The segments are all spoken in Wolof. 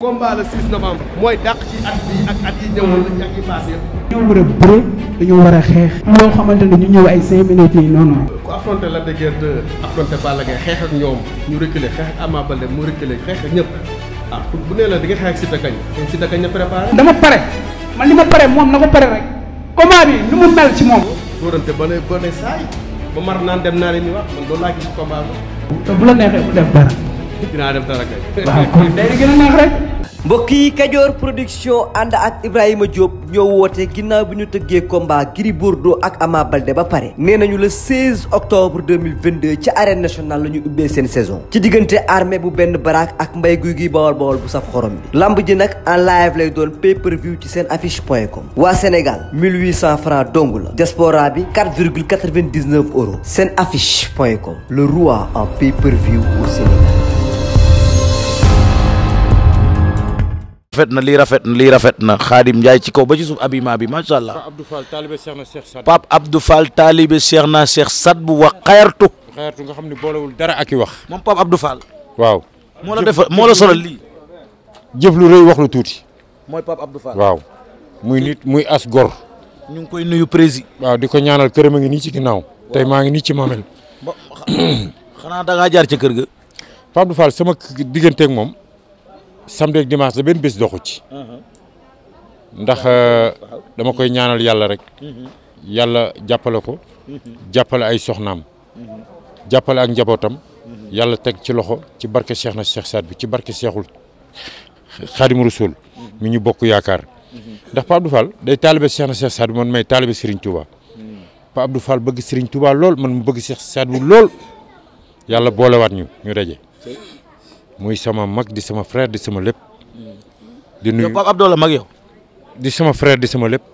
combat le 6 novembre mooy dàq ci at bi ak at yi ñëwoon la ak yi passé a bëre xeex loo xamante ne ñu ñëw ay cinq minutes yi noonu ku affronté Lac de Guiers 2 xeex ak ñoom ñu reculé xeex ak Ama Baldé mu reculé xeex ak ñëpp ah bu nee la di nga xeex ak Siteu kañ Siteu kañ dama pare man li ma pare moom na ko pare rek combat bi nu mu mel ci moom ba ne ba ne saay naan dem naa leen wax man loolu laa bu la neexee bu def dara dinaa mbokk yi Kajoor production ànd ak Ibrahima Diop ñoo woote ginnaaw bi ñu tëggee combat Gris Bordeaux ak Ama Baldé ba pare nee nañu le 16 octobre 2022 ci arène nationale la ñu ubbee seen saison ci diggante armée bu benn baraak ak mbay guy gi bawol bawol bu saf xorom bi lamb ji nag en live lay doon pay view ci seen affiche point com waa Sénégal 1800 francs dong la diaspora bi 4,99 euros seen affiche point com le roi en pay per view au Sénégal rafet na lii rafet na lii rafet na xaadim Ndiaye ci kaw ba ci suuf abima bi allah Pape Abdou taalibe Cheikh na Cheikh Sad Pape Abdou Fall taalibe bu wax xayartu. nga xam ne boolewul dara ak i wax. moom Pape Abdou Fall. waaw moo la defal moo la solal lii. jëf lu rëy wax lu tuuti. mooy Pape Abdou Fall waaw. muy nit muy as gor. ñu ngi koy nuyu prési waaw di ñaanal këram a ngi nii ci ginnaaw. tey maa ngi nii ci mamel xanaa da ngaa jaar ca kër ga. Pape sama digganteeg moom. samedi ak dimanche da benn bés doxu ci ndax euh, dama koy ñaanal yàlla rek yàlla jàppale ko jàppale ay soxnaam jàppale ak njabootam yàlla teg ci loxo ci barke Cheikh na Cheikh Saad bi ci barke Cheikhul Xaadimu Rasuul mu ñu bokk yaakaar ndax Pape Abdou Fall day taalibe Cheikh na Cheikh Saad bi man may taalibe Serigne Touba Pape Abdou Fall bëgg Serigne Touba lool man mu bëgg Cheikh Saad bi lool yàlla boolewaat ñu ñu daje. muy sama mag di sama frère di sama lépp. Mm. di nuyu Pape Abdou la mag yow. di sama frère di sama lépp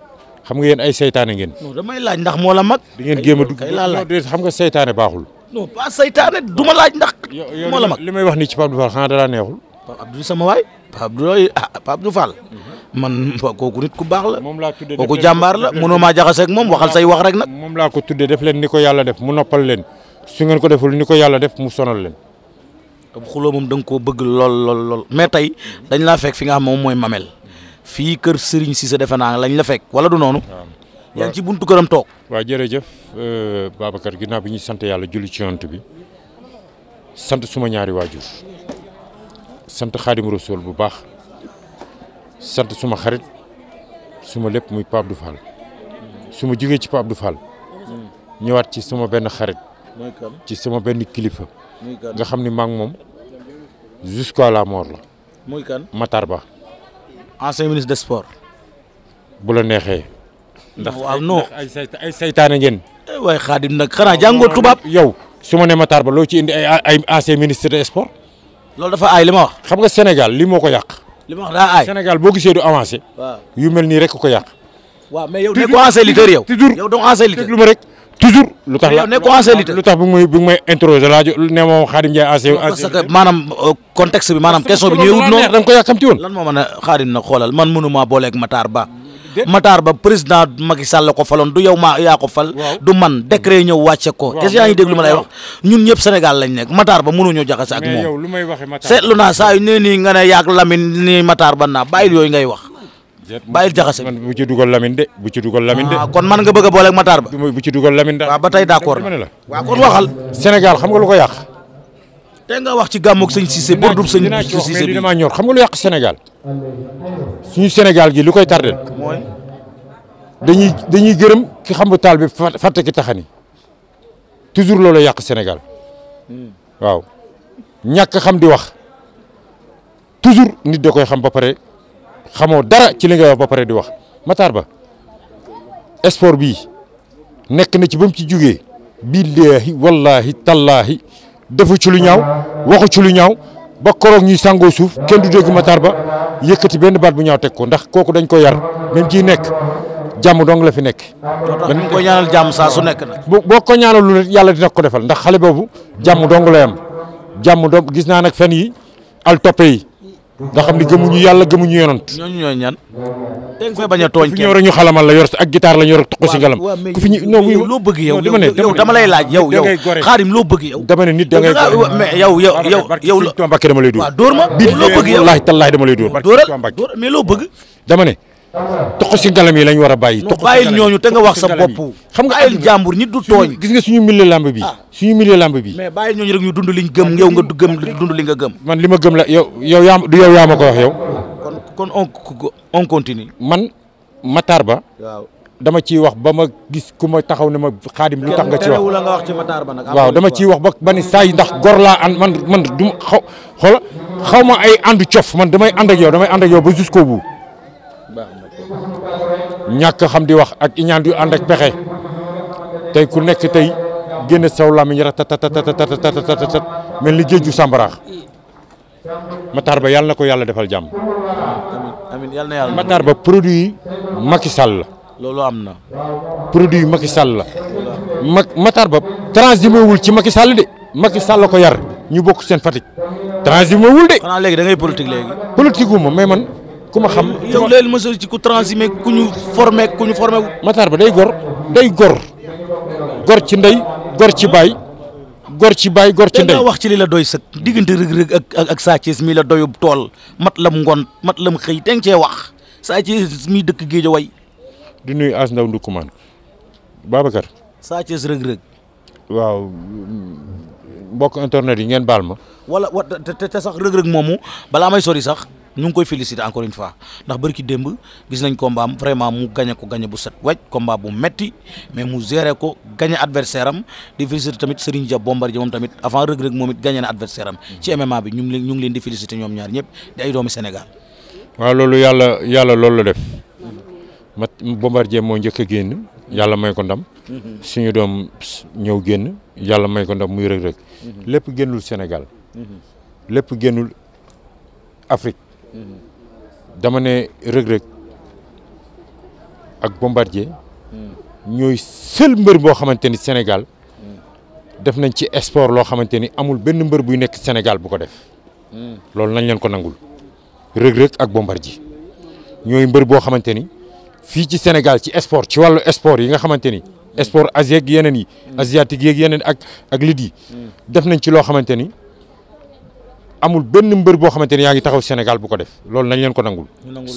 xam nga yéen ay seytaane ngeen. non damay laaj ndax moo la mag. di ngeen géem a dugg non xam nga seytaane baaxul. non pas seytaane ma laaj ndax. moo la mag li may wax nii ci Pape Abdou Fall xanaa dara neexul. Pape Abdou sama waay. Pape Abdou ah Pape Abdou Fall. Mhm. man nit ku baax la. moom laa tuddee kooku jàmbaar la mënoo maa jaxase ak moom waxal say wax rek nag. moom laa ko tuddee def leen ni ko yàlla def mu noppal leen su ngeen ko deful ni ko yàlla def mu sonal leen te xuloo moom da nga koo bëgg lool lool lool mais tey dañ laa fekk fi nga xam moom mooy mamel fii kër Serigne Cissé defe naa lañ la fekk wala du noonu. waaw yaa ngi ci buntu këram toog. waaw jërëjëf euh, Babacar ginnaaw bi ñuy sant yàlla julli ci yonent bi sant suma ñaari waajur sant xaadim rasul bu baax sant suma xarit suma lépp muy Pape Abdou Fall su ma jugee ci Pape Abdou Fall mm. ñëwaat ci suma benn xarit. ci sama benn kilifa. nga xam ni maak moom jusqu'à la mort la. muy kan Matar Ba. ancien ministre de sports. bu la neexee. ndax waaw non ay ay saytaane ngeen. Eh, waaye xaadim nag xanaa jàngoo tubaab. yow su ma nee Matar Ba loo ci indi ay ay ancien ministre des sports. loolu dafa aay li ma wax. xam nga Sénégal li moo ko yàq. li ma wax daa aay Sénégal boo gisee du avancé. waaw yu mel nii rek ko yàq. waaw mais yow nekkoo ancien lutteur yow. toujours yow ancien lutteur déglu rek. toujours lu tax la lu tax bu may bu may interroger laaj ne ma Khadim Ndiaye maanaam euh, contexte bi maanaam question bi ñëwut noonu da nga ko yàkkamti woon lan moo man a Khadim na xoolal man mënumaa booleeg Matar Ba mataar Ba président Macky Sall la ko faloon du yow maa yaa ko fal du man décret ñëw wàcce ko est-ce que yaa ngi dégg lu ma lay wax ñun ñëpp Sénégal lañ nekk Matar Ba ñëw mënuñoo jaxase ak moom lu naa saa yu nee nii nga ne yaag Lamine ni Matar Ba naa bàyyil yooyu ngay wax bàyyil jaxase man bu ci dugal Lamine de bu ci dugal Lamine de ah, kon man a booleeg Matar ba bu ci dugal Lamine daal waaw ba tey d'accord la waaw kon waxal Sénégal xam nga lu ko yàq te nga wax ci gàmmug sëñ Cissé bordub sëñ Cissé bi dama ñor xam nga lu yàq Sénégal suñu Sénégal gi lu koy tardel mooy dañuy dañuy gërëm ki xam bu taal bi fàtte ki taxani toujours loolu yàq Sénégal hmm. waaw ñàkk xam di wax toujours nit da koy xam ba pare xamoo dara ci li nga wax ba pare di wax Matar Ba sport bii nekk na ci ba mu ci jógee billaahi wallaahi tallaahi defu ci lu ñaaw waxu ci lu ñaaw ba koroog ñuy sàngoo suuf kenn du dégg Matar Ba yëkkati benn baat bu ñaaw teg ko ndax kooku dañ ko yar même ciy nekk jàmm dong la fi nekk. dañ ko ñaanal jàmm saa su nekk nag. boo ko ñaanal yàlla dina ko defal ndax xale boobu jàmm dong lay jàmm dong gis naa nag fen yi al yi. nga xam ni gëmuñu yàlla gëmuñu yonant ñooñu ñooy ñan a tooñ kenn ñëw rek ñu xalamal la yor ak guitare la ñu rek ngalam ku fi ñu non loo bëgg yow dama ne yow dama lay laaj yow yow xaarim loo bëgg yow dama ne nit da ngay gore mais yow yow yow yow Tuubaa Mbàkke dama lay dóor waaw dóor ma loo bëgg yow wallaahi tallaahi dama lay dóor dóoral loo bëgg dama ne toq si ngalam yi lañ war a bàyyi. toq si ngalam yi bàyyil ñooñu te nga wax sa bopp. xam nga ayil jàmbur nit du tooñ. gis nga suñu milieu lamb bi ah. suñu milieu lamb bi. mais bàyyil ñooñu rek ñu dund liñ gëm yow nga du gëm dund li nga gëm. man li ma gëm la yow yow yaa du yow yaa ma ko wax yow. kon kon on continue. man Matar Ba. waaw dama ciy wax ba ma gis ku ma taxaw ne ma xaadim lu tax nga ci wax la nga wax ci Ba nag. waaw dama ciy wax ba ba ni saa yi ndax gor laa ànd man man du xaw xaw ma ay àndu cof man damay ànd ak yow damay ànd ak yow ba koo bout ñàkk xam di wax ak i ñaan yu ànd ak pexe tey ku nekk tey génne saw làmmiñ ratatatatatatatat mel ni géej ju sàmbaraax Matar Ba yàlla na ko yàlla defal jàmm. amiin amiin yàlla na yàlla. Matar Ba produit yi Macky Sall la. loolu am na. produit yi Macky Sall la. ma Matar Ba transhumé wul ci Macky Sall de. Macky Sall ko yar ñu bokk seen Fatick. transhumé wul de. xanaa léegi da ngay man. ku ma xam. yow ma mosoo ci ku transhumé ku ñu formé ku ñu formé Matar Ba day gor day gor gor ci ndey gor ci baay gor ci baay gor ci ndey. da wax ci li la doy sëg diggante Reug Reug ak ak mi la doyub tool mat lam ngoon mat lam xëy te nga cee wax Sa Thiès mi dëkk géej way di nuyu As Ndaw Ndoukoumane Babacar. Sa Thiès Reug Reug. waaw mbokk internet yi ngeen baal ma. wala te sax Reug Reug moomu balaa may sori sax. ñu ngi koy féliciter encore une fois ndax ki démb gis nañ combat am vraiment mu gagné ko gagné bu set wecc combat bu metti mais mu géré ko gagné adversaire am di féliciter tamit Serigne Dia Bombardier moom tamit avant Reug Reug moom it gagné na adversaire am ci MMA bi ñu ngi leen ñu ngi leen di féliciter ñoom ñaar ñëpp di ay doomi Sénégal. waaw loolu yàlla yàlla loolu la def mat Bombardier moo njëkk génn yàlla may ko ndam suñu doom ñëw génn yàlla may ko ndam muy Reug Reug lépp génnul Sénégal lépp dama ne Reug Reug ak Bombardier ñooy seul mbër boo xamante ni Sénégal def nañ ci sport loo xamante ni amul benn mbër buy nekk Sénégal bu ko def loolu nañ leen ko nangul Reug Reug ak Bombardier ñooy mbër boo xamante ni fii ci Sénégal ci sport ci wàllu sport yi nga xamante ni sport asiatique yeneen yi asiatique yeeg yeneen ak ak lit yi mm. def nañ ci loo xamante ni amul benn mbër boo xamante ne yaa ngi taxaw Sénégal bu ko def loolu nañ leen ko nangul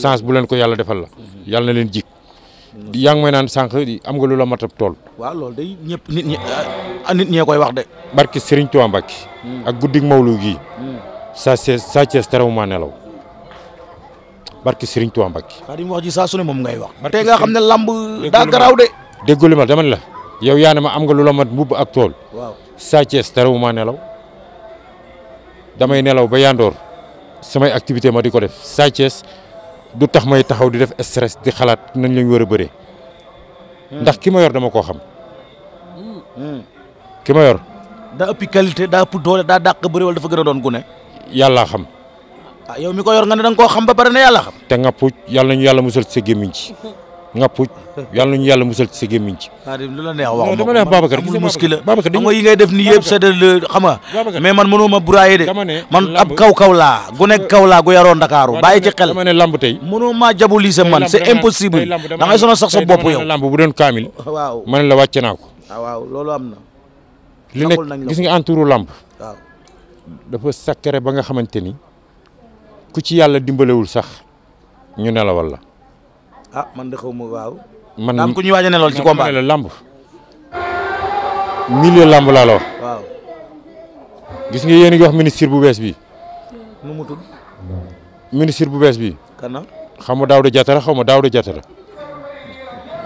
chance bu leen ko yàlla defal la mhm. yàlla na leen jik mhm. yaa ngi may naan sànq am nga lu la mat ab tool waaw loolu day ñëpp nit ñi ah, koy wax de barke Serigne Touba Mbacké mhm. ak guddi mawlu gii sa sa Thiès terewuma nelaw barke Serigne Touba Mbacké Xaadim wax ji saa su ne moom ngay wax tey nga xam ne lamb daa garaaw de dégguli la yow yaa ne ma am nga lu la mat mbubb ak tool sa Thiès terewuma nelaw damay nelaw ba yandoor samay activité ma di ko def Sa du tax may taxaw di def stress di xalaat nañ lañ war a bëree ndax ki ma yor dama koo xam ki ma yor daa ëppi qualité daa ëpp doole daa dàq bëri wala dafa gën a doon gune yàllaa xam ah yow mi ko yor nga ne da nga koo xam ba pare ne yàllaa xam te ngàpp yàlla yàlla musal ci sa gémmiñ ngappuj yàlla nañu yàlla musal ci sa gémmiñ ci lu la neex wax dama neex Babacar amul muskila Babacar xam nga yi ngay def nii yëpp c'est de euh, xam nga mais man mënuma buraaye de man ab kaw kaw laa gu nekk kaw laa gu yaroo Ndakaaru bàyyi ci xel dama ne lamb tey mënuma jabolise man c'est impossible da ngay sonal sax sa bopp yow lamb bu doon waaw man la wàcce naa ko ah, waaw loolu am li nekk gis nga entouru lamb waaw dafa sakkare ba nga xamante ni ku ci yàlla dimbalewul sax ñu nelawal la ah man de xaw ma waaw. man daam ku ñuy waaj a ne lool ci combat man lamb. milieu lamb laa la wax. gis nga yéen ngi wax ministre bu bees bi. nu mu tudd. ministre bu bees bi. kanam xam nga Daouda Diatara xaw ma Daouda Diatara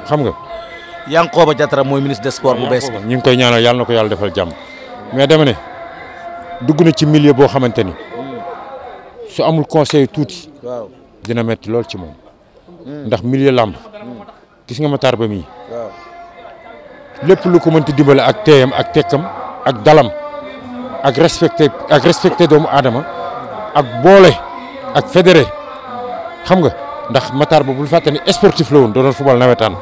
xam nga. Yankhoba Diatara mooy ministre des sports bu bees bi. ñu ngi koy ñaanal yàlla na ko yàlla defal jàmm. mais dama dugg na ci milieu boo xamante ni su amul conseil tuuti. waaw dina metti lool ci moom. ndax milieu làmb gis nga ma ba mii lépp lu ko mënti dimbale ak teeyam ak tekkam ak dalam ak respecté ak respecté doomu aadama ak boole ak fédéré xam nga ndax Matar ba bul fàtte ni sportif la woon doo doon nawetaan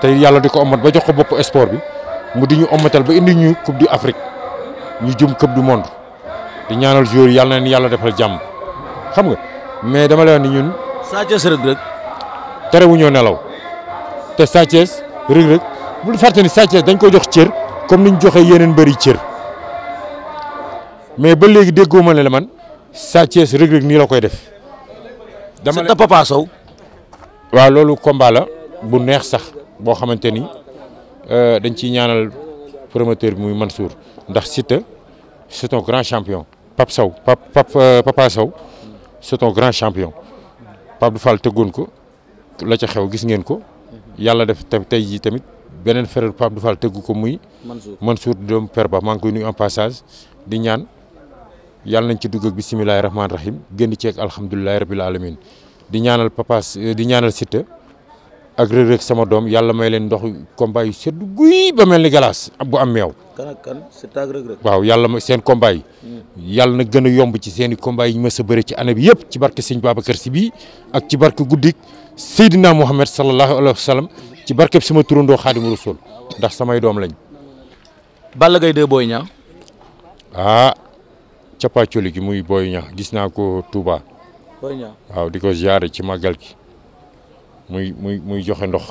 te yàlla di ko omat ba jox ko bopp sport bi mu di ñu omatal ba indi ñu coupe du Afrique ñu jëm coupe du monde di ñaanal jour yàlla na leen yàlla defal jàmm xam nga mais dama lay wax ni ñun. terewuñoo nelaw te Sa Thiès Reug bu ñu fàtte ni Sa dañ koy jox cër comme ni ñu joxee yeneen bëri cër mais ba léegi déggoo ma ne man Sa Thiès Reug nii la koy def. dama ne Papa Sow. waaw loolu combat bu neex sax boo xamante ni euh, dañ ciy ñaanal promoteur bi muy suur ndax Siteu c'est un grand champion. Pape Sow Pape euh, Papa Sow c'est un grand champion Pape du Fall tëggoon ko. la ca xew gis ngeen ko yàlla def tey jii tamit beneen frère Pape Dufal tëgg ko muy Mansour doom père ba maa ngi koy nuyu en passage di ñaan yàlla nañ ci dugg ak bisimilahi rahmaani rahim génn ci ak alhamdulilahi rabil alamin di ñaanal papas di ñaanal Siteu ak Reug Reug sama doom yàlla may leen ndox combat yu sedd guy ba mel ni galaas bu am meew. kan ak kan waaw yàlla ma seen combat yi. Hmm. yàlla na gën a yomb ci seen i combat yi ñu mës a ci année bi yëpp ci barke sëñ Babacar Si bii ak Seydina Mouhamed sallallahu alayhi wa ci barkeb sama turandoo Xaadimu Rasuul ndax samay doom lañ. Balla gay 2 booy Niang. ah cappaacoli gi muy Boy Niang gis naa ko tuuba waaw di ko ziare ci màggal gi muy muy muy joxe ndox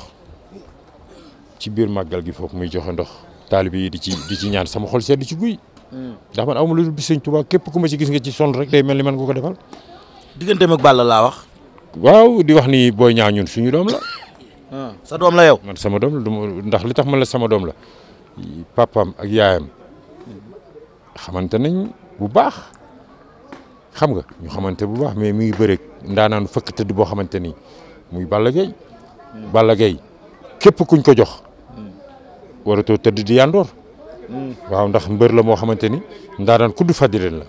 ci biir màggal gi foofu muy joxe ndox. taalibe yi di ci di ñaan sama xol di ci guy. Hmm. ndax man aw lu bis Sëñ Touba képp ku ma ci gis nga ci sonn rek day mel ni man ko ko defal. digganteem ak Balla laa wax. waaw di wax ni Boy Niang ñun suñu doom la. Ah. sa doom la yow. man sama doom la ndax li tax man la sama doom la papaam ak yaayam xamante nañ bu baax xam nga ñu xamante bu baax mais mi ngi bëre ndaanaan fëkk tëdd boo xamante ni muy Balla Gaye. Hmm. Balla Gaye képp kuñ ko jox. Hmm. waratoo tëdd di yàndoor. Hmm. waaw ndax mbër la moo xamante ni ndaanaan kudd faddi leen la.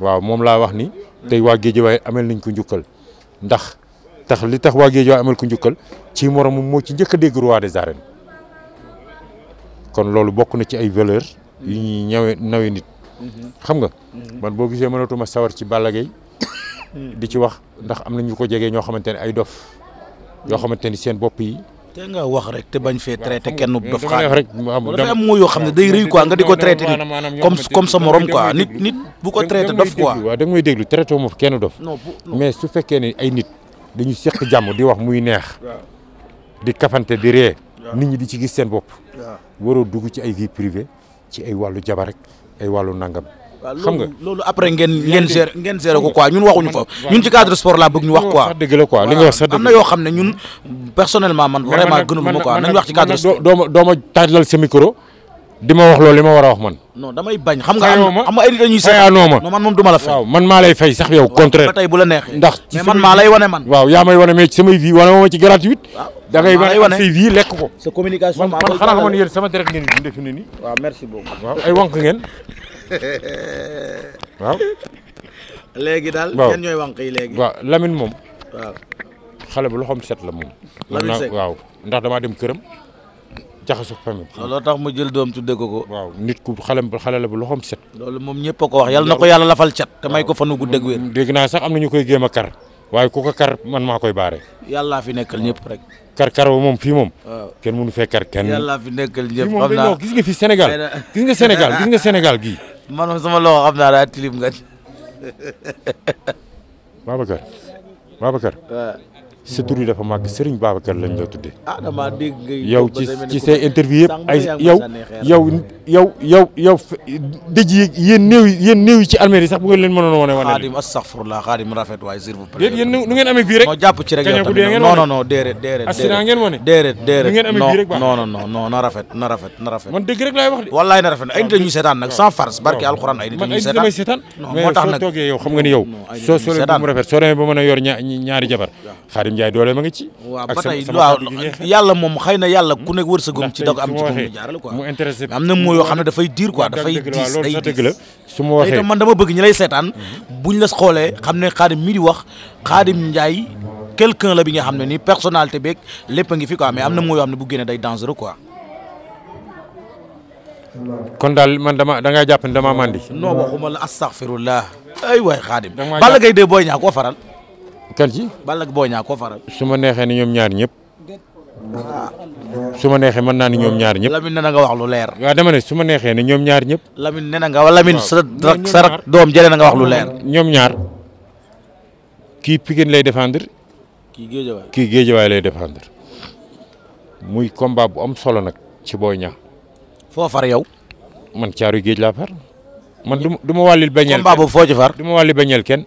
waaw moom laa wax ni. tey waa waaye amel nañ ko njukkal. ndax tax li tax waa Géejawaay amal ko njukkal ci moromam moo ci njëkk a dégg roi des kon loolu bokk na ci ay valeur yu ñuy ñawe nawe nit. Mhm. xam nga mhm. man boo gisee mënatuma sawar ci Balla di ci wax ndax am na ñu ko jegee ñoo xamante ne ay dof mhm. yoo xamante ni seen bopp yi. te nga wax rek te bañ fee traité kenn dof xaar rek dafa am moo yoo xam ne day rëy quoi nga di ko traité nit comme comme sa morom quoi nit nit bu ko traité dof quoi waaw da nga may déglu traité moo kenn dof mais su fekkee ne ay nit dañu seq jàmm di wax muy neex di kafante di ree nit ñi di ci gis seen bopp waroo dugg ci ay vie privée ci ay wàllu jabar rek ay wàllu nangam xam nga loolu après ngeen ngeen gérer ngeen gérer ñun waxuñu fa ñun ci cadre sport laa bëgg ñu wax quoi am na yoo xam ne ñun personnellement man vraiment gënuma quoi nañ wax ci cadre sport dooma dooma tàllal sa di ma wax loolu ma war a wax man non damay bañ xam nga am nga ay wane man waaw yaa wane mais ci vie wane ma ci gratuit da ngay wane ay wànq ngeen waaw. léegi daal. ñooy wànq yi léegi. waaw Lamine moom. waaw xale bu loxoom set la moom. waaw ndax damaa dem këram. jaxasoo famille. looloo tax ma jël doom tuddee ko ko. waaw nit ku xale xale la bu loxoom set. loolu moom ñëpp ko wax yàlla na ko yàlla lafal cat. te may ko fanu gudd ak wér. dégg naa sax am na ñu koy géem a kar. waaye ku ko kar man maa koy baare. yàllaa fi nekkal ñëpp rek. kar kar wa moom fii moom. waaw kenn mënu fee kar kenn. yàllaa fi nekkal ñëpp xam naa gis nga senegal gis nga Sénégal gis nga Sénégal gii. man sama loxo xam naa daa tilim nga. Babacar Babacar. waaw. sa tur yi dafa màgg Serigne Babacar lañ la tuddee. ah damaa ci ci interview yëpp ay yow yow yow yow ci armée sax bu ngeen leen mënoon wane wane. xaadim astaghfirullah xaadim rafet waaye s'il vous plaît. yéen nu ngeen amee bii rek. rek yow tamit non non non déedéet déedéet. accident ngeen wane déedéet rek baax non non non non na rafet na rafet na dëgg rek laay wax de. wallaay na rafet ay nit ñuy seetaan nag sans farce barke alxuraan ay nit ñuy seetaan. mais soo a yor ñaari Ndiaye doole ma nga ci. ak sama sama kàddu gi waaw moom xëy na yàlla ku nekk wërsëgum ci da am ci ko mu jaarale ne dafay diir quoi dafay diis day diis. su ma waxee man dama bëgg ñi lay seetaan mhm. buñ la xoolee xam ne Khadim mi di wax njaay Ndiaye quelqu'un la bi nga xam ne nii personnalité beeg lépp a ngi fi quoi mais am na moo yoo xam ne bu génnee day dangereux quoi. kon daal man dama da ngaa jàpp ne dama mandi. non waxuma la astaghfirullah ay waay Khadim. da ngay Balla Gaye de Boy Niang koo faral. kan ci. Balla ak Boy Niang koo faral. su ma neexee ni ñoom ñaar ñëpp. Ah. su ma neexee mën naa ni ñoom ñaar ñëpp. Lamine nee na nga wax lu leer. waaw dama ne su ma neexee ne ñoom ñaar ñëpp. Lamine nee na nga wala Lamine sa rak doom jëlee na nga wax lu leer. ñoom ñaar kii Pikine lay défendre. kii géej waay lay défendre. muy combat bu am solo nag ci Boy Niang. foo far yow. man caaru géej laa far. man du ma bañeel. combat boobu foo far du ma bañeel kenn.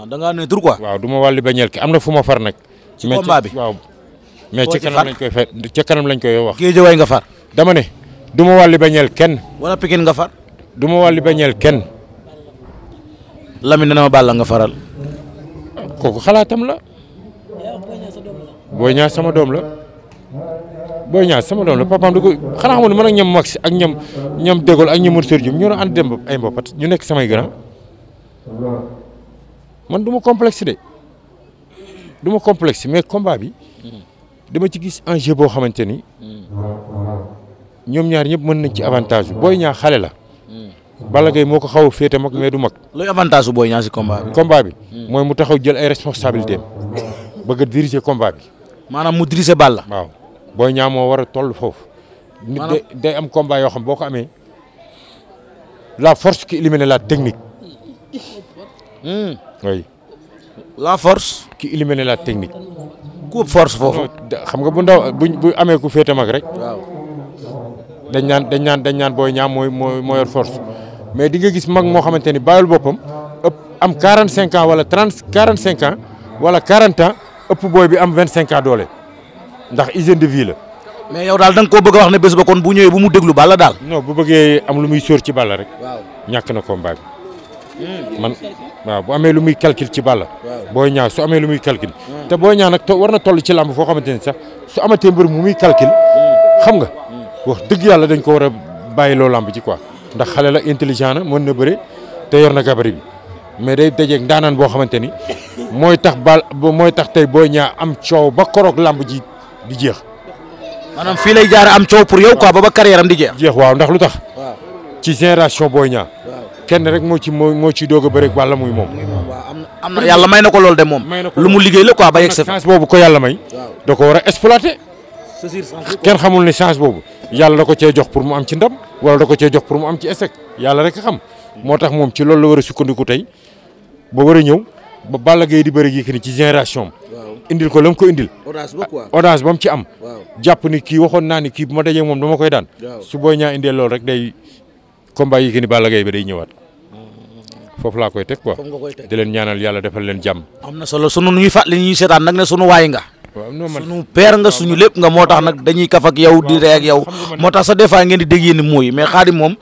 Ah, da ngaa neutre quoi. waaw du ma wàllu bañeel ki am na fu ma far nag. ci combat bi waaw. mais ci kanam lañ koy fe ci kanam lañ wax. géejewaay nga far. dama ne du ma wàllu bañeel kenn. wala Pikine nga far. du ma wàllu bañeel kenn. Lamine dana ma Balla nga faral. kooku xalaatam la. Boy Niang sama doom la. Boy Niang sama doom la papaam du ko xanaa xamul man ak ñoom Max ak ñoom ñoom ak ñoom Moussaoui Diouf ñoo doon ànd dem ay mbopat ñu nekk samay grand. man du ma complexe de du ma complexe mais combat bi dama ci gis enjeu boo xamante ni ñoom ñaar ñëpp mën nañ ci avantage bi Boy Niang xale la. Balla Gaye moo ko xaw a féete mag mais du mag. luy avantage su Boy Niang ci bi. mooy mu taxaw jël ay responsabilités am bëgg a diriger combat bi. maanaam mu diriger Balla. waaw booy Niang moo war a toll foofu. nit day am combat yoo xam boo ko amee la force qui élimine la technique. Hmm. oui la force qui élimine la technique. ku force foofu. xam nga bu ndaw buñ bu amee ku féete mag rek. waaw dañ naan dañ naan dañ naan booy ñaam mooy mooy moo yor force mais di nga gis mag moo xamante ni bàyyil boppam ëpp am 45 ans wala 30 45 ans wala 40 ans ëpp booy bi am 25 ans doole ndax hygiène de vie la. mais yow daal da nga koo bëgg a wax ne bés ba kon bu ñëwee bu mu déglu Balla daal. non bu bëggee am lu muy sóor ci Balla rek. waaw ñàkk na combat bi. Hmm. man waaw bu amee lu muy calcul ci Balla Boy Niang su amee lu muy calcul hmm. te Boy Niang nag war na toll ci làmb foo xamante ni sax su amatee mbër mu muy calcul hmm. xam nga wax dëgg yàlla dañ ko war a bàyyi loo làmb ci quoi xale la intelligent na mën na bëre te yor na gabarit bi mais day dajeeg ndaanaan boo xamante ni mooy tax bal mooy tax tey Boy Niang am coow ba koroog làmb ji di jeex. maanaam fii lay jaar am coow pour ba ba carrière am di waaw ndax lu tax. ci génération booy ñaa kenn rek moo ci moo moo ciy doog bëri wàlla muy moom. am na yàlla may na ko loolu de moom. lu mu liggéey la quoi ba yegg sa. chance boobu ko yàlla may. da ko war a exploiter. kenn xamul ne chance boobu yàlla da ko cee jox pour mu am ci ndam wala da ko cee jox pour mu am ci échec yàlla rek xam moo tax moom ci loolu la war a sukkandiku tey ba war ñëw ba Balla Gaye di bëri Yékini ci génération indil ko la mu ko indil. audace ba quoi audace ba mu ci am. jàpp ni kii waxoon naa ni kii bu ma dajee moom dama koy daan. su booy ñaa indee lool rek day combat Yékini Balla Gaye bi day ñëwaat. foofu laa koy teg quoi di leen ñaanal yàlla defal leen jàmm. am na solo sunu ñuy fàttali ñuy seetaan nag ne sunu waay nga. waaw non man sunu père nga suñu lépp nga moo tax nag dañuy kaf ak yow di rey ak moo tax sa des fois ngeen di dégg yéen mooy mais xaadim moom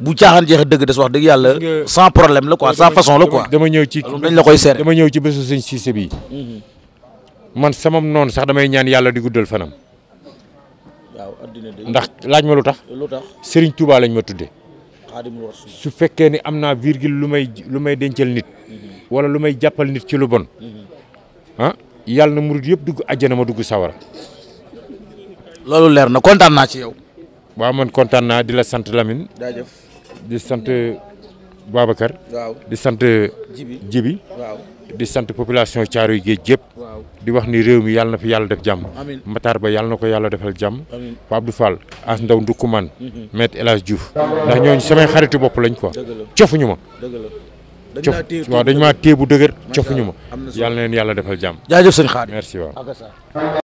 bu caaxaan jeexee dëgg des wax dëgg yàlla san problème la quoi sans façon la quoi. dama ñëw ci dañ la koy seere dama ñëw ci bésu man sama noon sax damay ñaan yàlla di guddal fanam. waaw addina ndax laaj ma lu tax. lu tax Serigne Touba lañ ma tuddee. su fekkee ni am naa virgule lu may lu may dencal nit mm-hmm. wala lu may jàppal nit ci lu bon mm-hmm. ah yàlla na murid yëpp dugg àjjana ma dugg sawara loolu leer na kontaan naa ci yow waaw man kontaan naa di la sant lamin jaajëf di sant Babacar di sant Jibi di sant population Caaroy géej yëpp di wax ni réew mi yàlla na fi yàlla def jàmm Matar Ba yàlla na ko yàlla defal jàmm Pape Abdou Fall As Ndaw Ndoukoumane mhm. Maître El Hadj Diouf ndax ñooñu samay xaritu bopp lañ quoi ñu ma cof waaw dañ maa téye bu dëgër ñu ma yàlla na leen yàlla defal jàmm jaajëf sëñ merci waaw